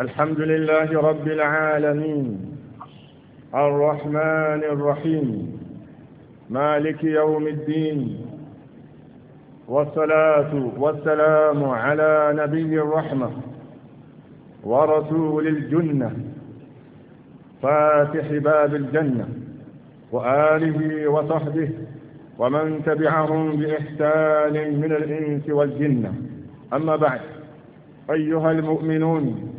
الحمد لله رب العالمين الرحمن الرحيم مالك يوم الدين والصلاة والسلام على نبي الرحمة ورسول الجنة فاتح باب الجنة وآله وصحبه ومن تبعهم بإحسان من الإنس والجنة أما بعد أيها المؤمنون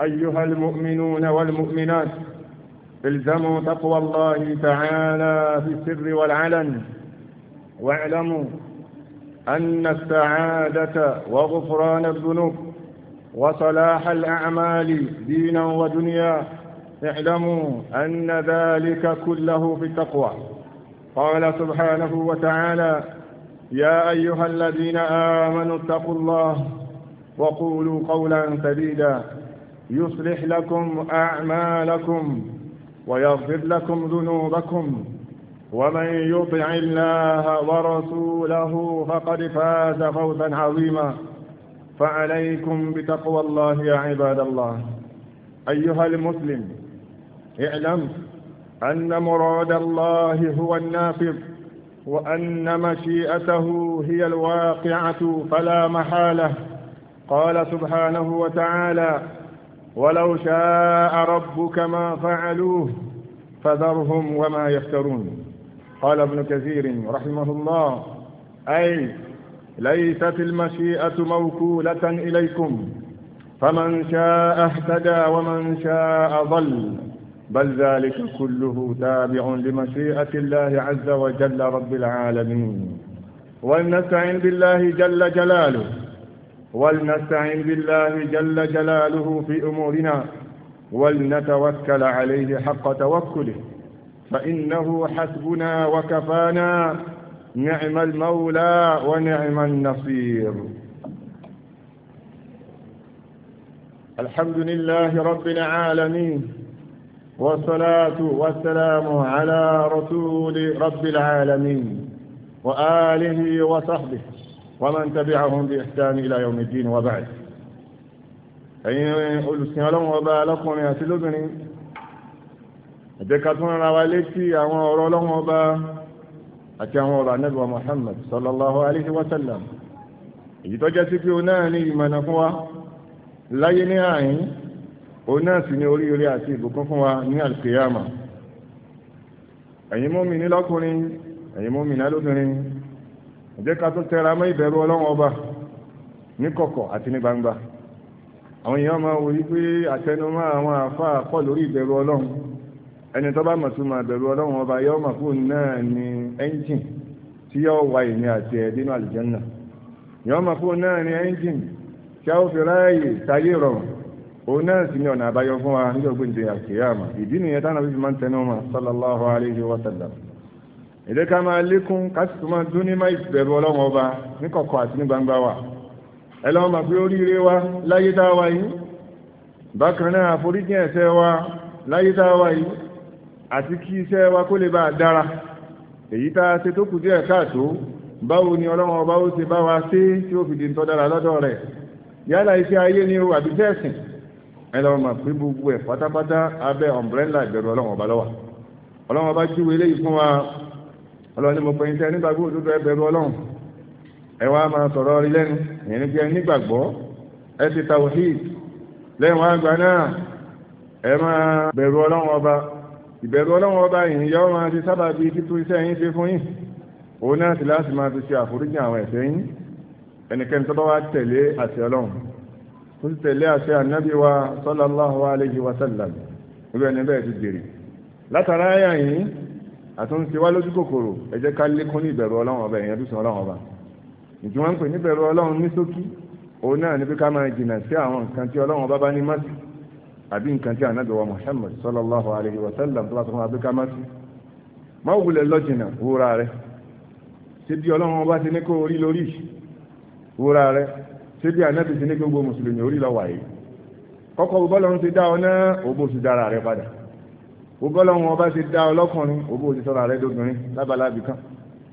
أيها المؤمنون والمؤمنات الزموا تقوى الله تعالى في السر والعلن واعلموا أن السعادة وغفران الذنوب وصلاح الأعمال دينا ودنيا اعلموا أن ذلك كله في التقوى قال سبحانه وتعالى يا أيها الذين آمنوا اتقوا الله وقولوا قولا سديدا يصلح لكم أعمالكم ويغفر لكم ذنوبكم ومن يطع الله ورسوله فقد فاز فوزا عظيما فعليكم بتقوى الله يا عباد الله أيها المسلم اعلم أن مراد الله هو النافذ وأن مشيئته هي الواقعة فلا محالة قال سبحانه وتعالى ولو شاء ربك ما فعلوه فذرهم وما يفترون قال ابن كثير رحمه الله أي ليست المشيئة موكولة إليكم فمن شاء اهتدى ومن شاء ضل بل ذلك كله تابع لمشيئة الله عز وجل رب العالمين ولنستعن بالله جل جلاله ولنستعن بالله جل جلاله في أمورنا ولنتوكل عليه حق توكله فإنه حسبنا وكفانا نعم المولى ونعم النصير الحمد لله رب العالمين والصلاة والسلام على رسول رب العالمين وآله وصحبه ومن تبعهم بإحسان إلى يوم الدين وبعد ẹ̀yin olùsìn ọlọ́run ọba alákùnrin àti lóbìnrin ẹ jẹ́ ká tún ara wa létí àwọn ọ̀rọ̀ ọlọ́run ọba àti àwọn ọ̀rọ̀ Ànábì wa Muhammad sallallahu alaihi wa sallam èyí tó jẹ́ sí pé o náà ní ìmọ̀nà fún wa láyé ní àyín o náà sì ní oríire àti ìbùkún fún wa ní àlùkìyàmà ẹ̀yin mùmínì lọ́kùnrin ẹ̀yin mùmínà lóbìnrin jẹ́ ká tó tẹra mọ́ ìbẹ̀rù ọlọ́run ọba ní kọ̀kọ̀ àti ní gbangba àwọn èèyàn máa wòye pé àtẹnumọ́ àwọn àáfàá pọ̀ lórí ìbẹ̀rù ọlọ́run ẹni tó bá mọ̀ tó máa bẹ̀rù ọlọ́run ọba yọ́ mà fún náà ní ẹ́ńjìn tí yọ́ wà ìní àti ẹ̀dínú naanị yọ́ mà fún náà ẹ́ńjìn tí a ó fi ráàyè táyé rọrùn òun náà sì ọ̀nà àbáyọ fún wa ẹ̀jẹ̀ ká máa lékún ká sì tún máa dún ní má ìbẹ̀rù ọlọ́run ọba ní kọ̀kọ̀ àti ní gbangba wa ẹ lọ́wọ́ máa pé oríire wa láyé tá a wá yìí bákan náà àforíjì ẹ̀ṣẹ̀ wa láyé tá a wá yìí àti kí iṣẹ́ wa kó lè bá a dára èyí tá a ṣe tó kù díẹ̀ káàtó báwo ni ọlọ́run ọba ó ṣe bá wa ṣe tí ó fi di nǹkan dára lọ́dọ̀ rẹ̀ yálà iṣẹ́ ayé ni o àbí iṣẹ́ ẹ lọ́wọ́ máa pé gbogbo ẹ̀ pátápátá abẹ́ ọ̀mbrẹ́là ìbẹ̀rù ọlọ́run ọba lọ́wà ọlọ́run ọba júwe eléyìí fún wa ọlọ́ni mo pẹ̀yìn tẹ́ nígbàgbọ́ òdodo ẹbẹ̀rù ọlọ́run ẹ wá máa sọ̀rọ̀ rí lẹ́nu ìyẹn ní pé ẹ nígbàgbọ́ ẹ ti tawhid lẹ́yìn wá gba náà ẹ máa bẹ̀rù ọlọ́run ọba ìbẹ̀rù ọlọ́run ọba yìí yọ máa ti sábà bí títú iṣẹ́ yín ṣe fún yín òun náà sì láti máa ti ṣe àforíjì àwọn ẹ̀ṣẹ̀ yín ẹnikẹ́ni tó bá wá tẹ̀lé àṣẹ ọlọ́run tó sì tẹ̀lé àṣẹ ànábì wa sallallahu alayhi wa sallam ìbẹ̀ ni bẹ́ẹ̀ ti dèrè látara ayà yìí àtún ṣe wá lójú kòkòrò ẹ jẹ́ ká lékún ní ìbẹ̀rù ọlọ́run ọba ìyẹn dùsùn ọlọ́run ọba ìtí wọ́n ń pè ní ìbẹ̀rù ọlọ́run ní ṣókí òun náà ní pé ká máa jìnà sí àwọn nǹkan tí ọlọ́run ọba bá ní mọ́sí àbí nǹkan tí ànábì wa Muhammad sallallahu alayhi wa sallam tó bá sọ fún wa pé ká mọ́sí má wulẹ̀ lọ́jìnà wúra rẹ ṣé bí ọlọ́run ọba ti ní kó orí lórí wúra rẹ ṣé bí ànábì ti ní gbogbo mùsùlùmí orí lọ́wọ́ yìí kọ́kọ́ bọ́lọ́run òbọ́lọ́wọ́n ọba ti dá ọlọ́kùnrin òbó ti sọ̀rọ̀ àrẹ́ dóbìnrin lábalábì kan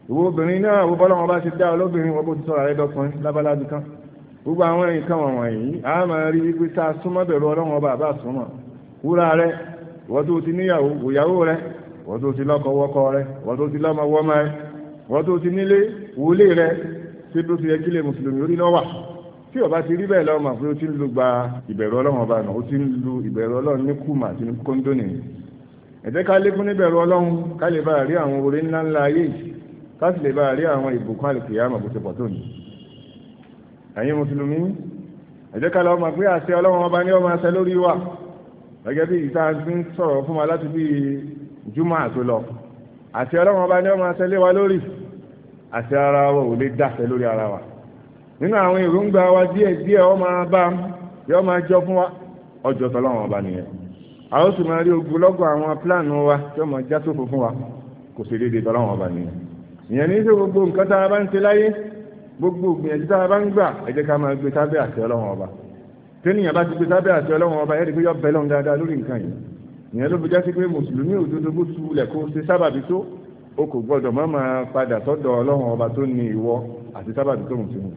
òwò obìnrin náà òbọ́lọ́wọ́n ọba ti dá ọlọ́bìnrin òbó ti sọ̀rọ̀ àrẹ́ dọ́kùnrin lábalábì kan gbogbo àwọn ẹ̀yìn kan wọ̀n wọ̀nyí a máa rí wípé tá a súnmọ́ bẹ̀rù ọlọ́wọ́n ọba àbá wúra rẹ wọ́n ti níyàwó òyàwó rẹ wọ́n ti lọ́kọ wọ́kọ rẹ wọ́n ti lọ́mọ wọ́mọ rẹ wọ́n ti nílé wọlé rẹ ṣé tó ti yẹ kílẹ̀ mùsùlùmí orí lọ́wà tí ọba ti rí bẹ́ẹ̀ lọ́mọ pé ó ti ń lu gba ìbẹ̀rù ọlọ́wọ́n ọba náà ó ti ń lu ìbẹ̀rù ọlọ́run ní kùmà àti ní kóńdónì ẹ̀jẹ́ ká lékún níbẹ̀rù ọlọ́run ká lè bá rí àwọn orí ńlá ńlá ayé yìí ká sì lè bá rí àwọn ìbùkún àlùkè àmọ̀ bó ti pọ̀ tó ní. ẹ̀yin mùsùlùmí ẹ̀jẹ́ ká lọ́ọ́ mọ̀ pé àṣẹ ọlọ́run ọba ní ọmọ àṣẹ lórí wa gẹ́gẹ́ bí ìta ti ń sọ̀rọ̀ fún wa láti bí júmọ́ àtó lọ àṣẹ ọlọ́run ọba ní ọmọ àṣẹ lé wa lórí àṣẹ ara wa ò lè dáṣẹ lórí ara wa nínú àwọn èròǹgbà wa díẹ̀ díẹ̀ ọmọ a ó sì máa rí ogunlọ́gọ̀ àwọn pílánù wa tí ó máa já sófo fún wa kò sì dédé tọ́lọ́wọ́n ọba ni ìyẹn ní í ṣe gbogbo nǹkan tá a bá ń ṣe láyé gbogbo ìgbìyànjú tá a bá ń gbà ẹ jẹ́ ká máa gbé sábẹ́ àti ọlọ́wọ́n ọba tẹ́nìyàn bá ti gbé sábẹ́ àti ọlọ́wọ́n ọba ẹ̀rí pé yọ bẹ́ẹ̀ lọ́n dáadáa lórí nǹkan yìí ìyẹn ló fi já pé mùsùlùmí òdodo bó tu kó ṣe sábàbí tó o kò gbọdọ̀ má máa padà sọ́dọ̀ ọlọ́run ọba tó ní ìwọ àti sábàbí tó mùsùlùmí.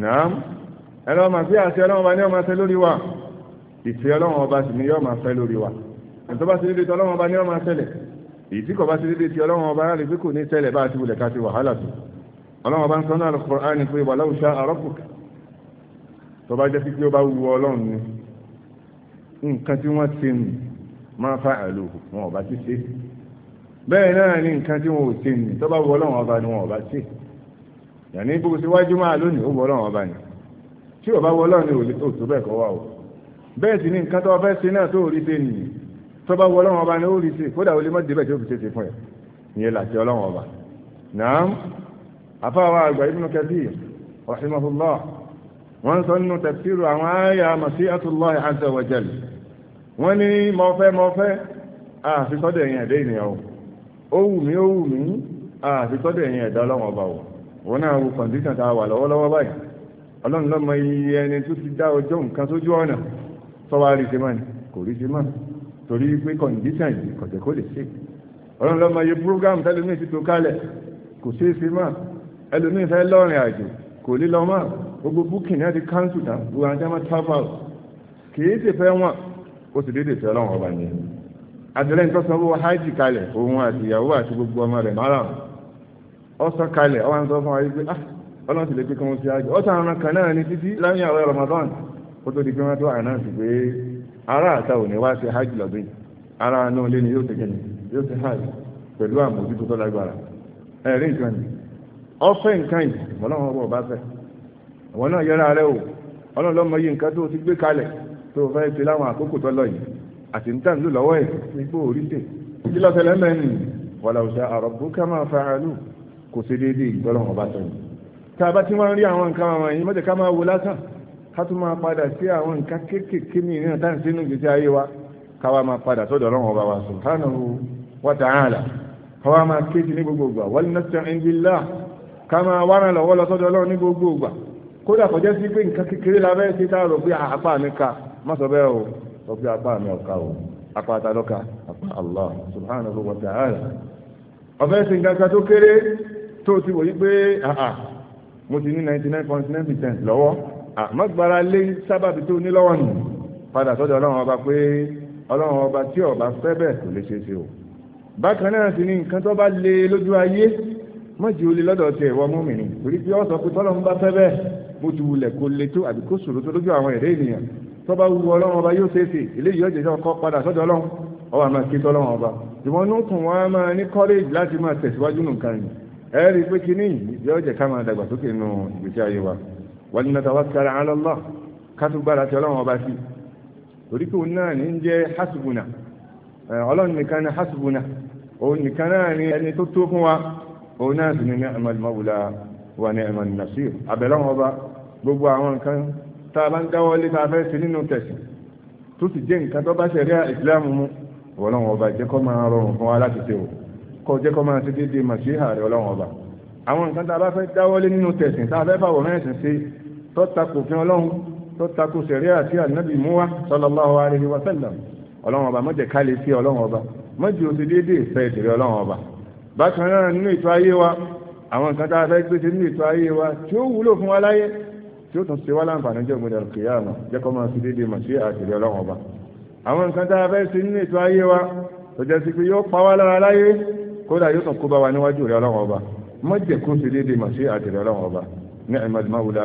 nàám ẹ lọ́ọ́ máa fi àṣẹ ọlọ́run ọba ní ọmọ ṣe lórí wa ìfẹ́ ọlọ́run ọba sì ni yóò máa fẹ́ lórí wa ẹ̀tọ́ bá sí dédé tí ọlọ́run ọba ni yóò máa ṣẹlẹ̀ èyí tí kò bá sí dédé tí ọlọ́run ọba rárẹ̀ pé kò ní ṣẹlẹ̀ bá ti wulẹ̀ ká ti wàhálà tó ọlọ́run ọba ń sọ náà Al-Qur'an ni pé wà láwùṣá àrọ́pùkà tó bá jẹ́ sí pé ó bá wu ọlọ́run ni nǹkan tí wọ́n ti nù máa fa àlò wọn ọba ti ṣe bẹ́ẹ̀ náà ni nǹkan tí wọn ò ṣe nì tó bá wu ọlọ́run ọba ni wọn ọba ṣe yàní gbogbo síwájú máa lónìí ó wu ọlọ́run ọba ni tí ọba wu ọlọ́run ni òtò bẹ́ẹ̀ kọ́ wà o bẹ́ẹ̀ sì ni nǹkan tó fẹ́ ṣe náà tó rí ṣe nìyí tó bá wọ ọlọ́run ọba ni ó rí ṣe kódà ó lè mọ́tò débẹ̀ tí ó fi ṣe fún ẹ̀ ìyẹn làṣẹ ọlọ́run ọba náà afáwa àgbà Ibn Kathir rahimahullah wọ́n sọ nínú tafsiru àwọn àyà mashi'atullahi azza wa jalla wọ́n ní mọ́fẹ́ mọ́fẹ́ àfisọ́dọ̀ ẹ̀yìn ẹ̀dẹ́ ènìyàn sọ́wọ́ rí ṣe máa ní kò rí ṣe máa torí pé kọ̀ǹdíṣàn yìí kọ̀jẹ̀ kó lè ṣe ọlọ́run lọ́mọ iye program tẹ́lómi ti tó kalẹ̀ kò ṣe é ṣe máa ẹlòmí fẹ́ lọ́rin àjò kò lè lọ máa gbogbo búkì náà ti káńsù tán gbogbo àwọn jẹ́mọ́ travel kìí ṣe fẹ́ wọn ó sì dédè fẹ́ ọlọ́run ọba ni àtẹlẹ́yìn tó sanwó hajj kalẹ̀ òun àti ìyàwó àti gbogbo ọmọ rẹ̀ márùn-ún ọsọ kalẹ̀ ọwọ́n sọ fún wa yìí pé ah, ọlọ́run ti lè pé kí wọ́n ṣe àjò ọ̀sán ọ̀ràn kó tó di pé wọ́n tó ànáǹsì pé ará àta ò wá hajj lọ́dún yìí ara náà lé ní yóò ṣe gẹ̀ẹ́nì yóò ṣe hajj pẹ̀lú àmójútó tó lágbára ẹ̀rí nǹkan yìí ọ̀fẹ́ nǹkan yìí ọlọ́run ọba ọba fẹ́ àwọn náà yẹra rẹ o ọlọ́run lọ́mọ yìí nǹkan tó ti gbé kalẹ̀ tó fẹ́ ṣe láwọn àkókò tó lọ yìí àti ń tàn lọ́wọ́ ẹ̀ orí tè kí mẹ́rin a ká tún máa padà sí àwọn nǹkan kéékèèké mìíràn táà sínú ìgbésí ayé wa káwa máa padà sọ́dọ̀ ọlọ́run ọba wa subhanahu wa ta'ala káwa máa kéèkì ní gbogbo ìgbà wal nasta'in billah ká máa wá ràn lọ́wọ́ lọ sọ́dọ̀ ọlọ́run ní gbogbo ìgbà kódà kọjá sí pé nǹkan kékeré la bẹ́ẹ̀ sí táà rò pé ah, apá mi ka má sọ bẹ́ẹ̀ o sọ pé apá mi ọ̀ka o apá ta lọ́ka apá Allah subhanahu wa ta'ala ọ̀fẹ́ sí nǹkan kan tó kéré tó ti wòye pé ah, ah, mo ti ní 99.9% lọ́wọ́ àmọ́gbára lé sábàbí tó ní lọ́wọ́ nù padà sọ́dọ̀ ọlọ́run ọba pé ọlọ́run ọba tí ọba fẹ́ bẹ́ẹ̀ kò lè ṣe ṣe o bákan náà sì ni nǹkan tó bá lé lójú ayé mọ́jì olè lọ́dọ̀ tẹ ìwọ mọ́mìnì torí pé ọ̀sọ̀ pé tọ́lọ́run bá fẹ́ bẹ́ẹ̀ mo ti wulẹ̀ kó le tó àbí kó ṣòro tó lójú àwọn èrè ènìyàn tó bá wu ọlọ́run ọba yóò ṣeéṣe eléyìí ọ̀jẹ̀ náà kọ́ padà sọ́dọ̀ ọlọ́run ọba máa ké tọ́lọ́run ọba ìwọ̀n ní kùn wọn máa ní kọ́lẹ́jì láti máa tẹ̀síwájú nù kan yìí ẹ rí i pé kíní yìí yọ̀ọ́jẹ̀ ká máa dàgbàsókè nù ìgbésí ayé wa ولنتوكل على الله كتب بلا تلوم وباسي oríkò náà ní jẹ́ hasbuna ọlọ́run nìkan ní hasbuna òun nìkan náà ní ẹni tó tó fún wa òun náà sì ní ní ni'mal mawla wa ni'man nasir àbẹ̀lọ́wọ́ ọba gbogbo àwọn nǹkan tá a bá ń dáwọ́ lé tá sí nínú tẹ̀sí tó sì jẹ́ nǹkan tó bá ṣẹ̀ríà ìsìláàmù mú ọlọ́run ọba jẹ́ kó máa rọrùn fún wa láti ṣe o kó jẹ́ kó máa ṣe déédéé màṣíhà rẹ̀ ọlọ́run ọba àwọn nǹkan tá a bá fẹ́ dáwọ́ lé nínú tẹ̀sí tá a fẹ́ fàwọ̀ mẹ́sìn sí tó takò fi ọlọ́run tó takò sẹ̀ríà àti ànábì múwá sallallahu alaihi wa sallam ọlọ́run ọba mọ́jẹ̀ ká lè fi ọlọ́run ọba mọ́jẹ̀ ó ti déédéé ìfẹ́ ìṣẹ̀rẹ̀ ọlọ́run ọba bákan náà nínú ètò ayé wa àwọn nǹkan tá a fẹ́ gbé sí nínú ètò ayé wa tí ó wúlò fún wa láyé tí ó tún ṣe wá láǹfààní jẹ́ ògbóni àlùkìyà àmà jẹ́ kọ́ máa fi déédéé mọ̀ sí àṣírí ọlọ́run ọba àwọn nǹkan tá a fẹ́ sí nínú ètò ayé wa tó jẹ́ sí pé yóò pa wá lára láyé kódà yóò tún kó bá wa níwájú rẹ̀ ọlọ́run ọba mọ́jẹ̀ kó ṣe déédéé mọ̀ sí àṣírí ọlọ́run ọba ní ẹ̀mọ́dúnmáwùlá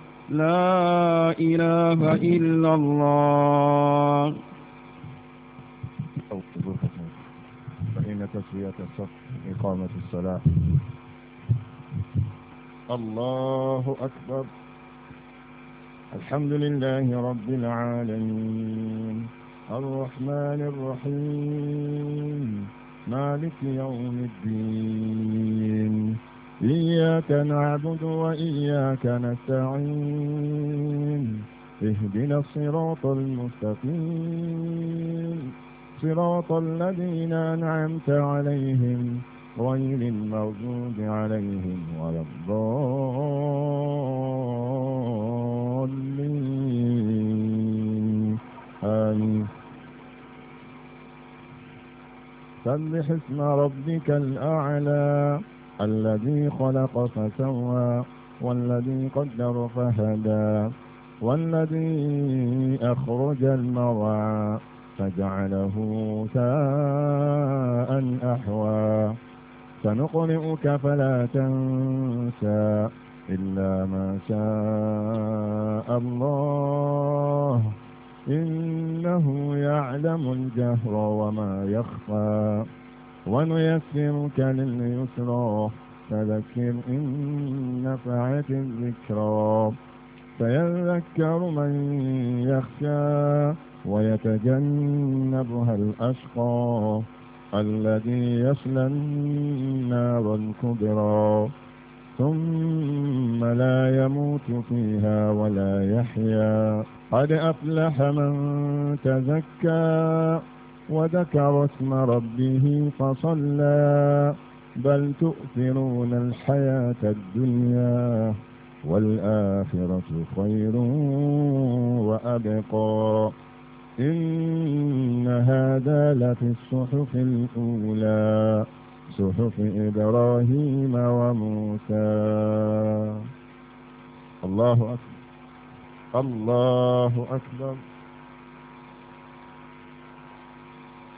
لا إله إلا الله فإن تسوية الصف إقامة الصلاة الله أكبر الحمد لله رب العالمين الرحمن الرحيم مالك يوم الدين إياك نعبد وإياك نستعين اهدنا الصراط المستقيم صراط الذين أنعمت عليهم غير المغضوب عليهم ولا الضالين آمين سبح اسم ربك الأعلى الذي خلق فسوى والذي قدر فهدى والذي أخرج المرعى فجعله ساء أحوى سنقرئك فلا تنسى إلا ما شاء الله إنه يعلم الجهر وما يخفى ونيسرك لليسرى فذكر إن نفعت الذكرى فيذكر من يخشى ويتجنبها الأشقى الذي يصلى النار الكبرى ثم لا يموت فيها ولا يحيا قد أفلح من تزكى وذكر اسم ربه فصلى بل تؤثرون الحياة الدنيا والآخرة خير وأبقى إن هذا لفي الصحف الأولى صحف إبراهيم وموسى الله أكبر الله أكبر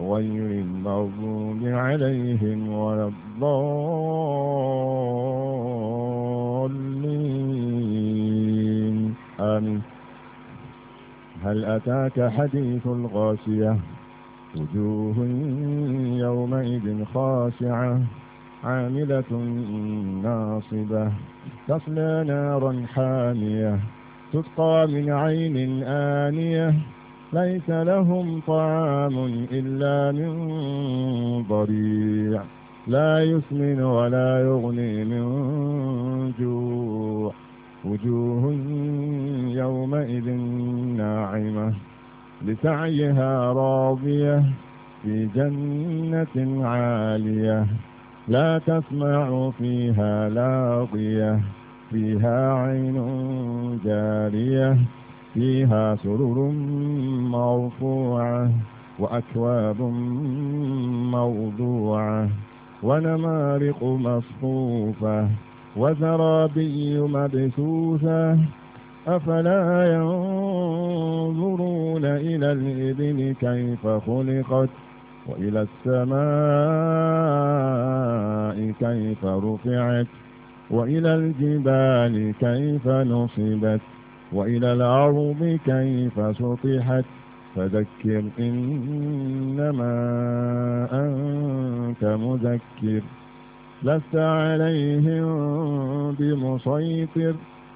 غير المغضوب عليهم ولا الضالين آمين هل أتاك حديث الغاشية وجوه يومئذ خاشعة عاملة ناصبة تصلى نارا حامية تسقى من عين آنية ليس لهم طعام إلا من ضريع لا يسمن ولا يغني من جوع وجوه يومئذ ناعمة لسعيها راضية في جنة عالية لا تسمع فيها لاغية فيها عين جارية فيها سرر مرفوعة وأكواب موضوعة ونمارق مصفوفة وزرابي مبثوثة أفلا ينظرون إلى الإبل كيف خلقت وإلى السماء كيف رفعت وإلى الجبال كيف نصبت وإلى الأرض كيف سطحت فذكر إنما أنت مذكر لست عليهم بمسيطر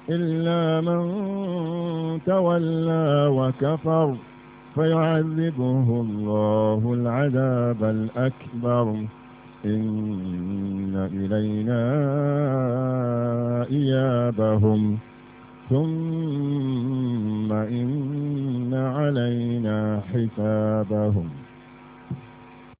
إلا من تولى وكفر فيعذبه الله العذاب الأكبر إن إلينا إيابهم ثم إن علينا حسابهم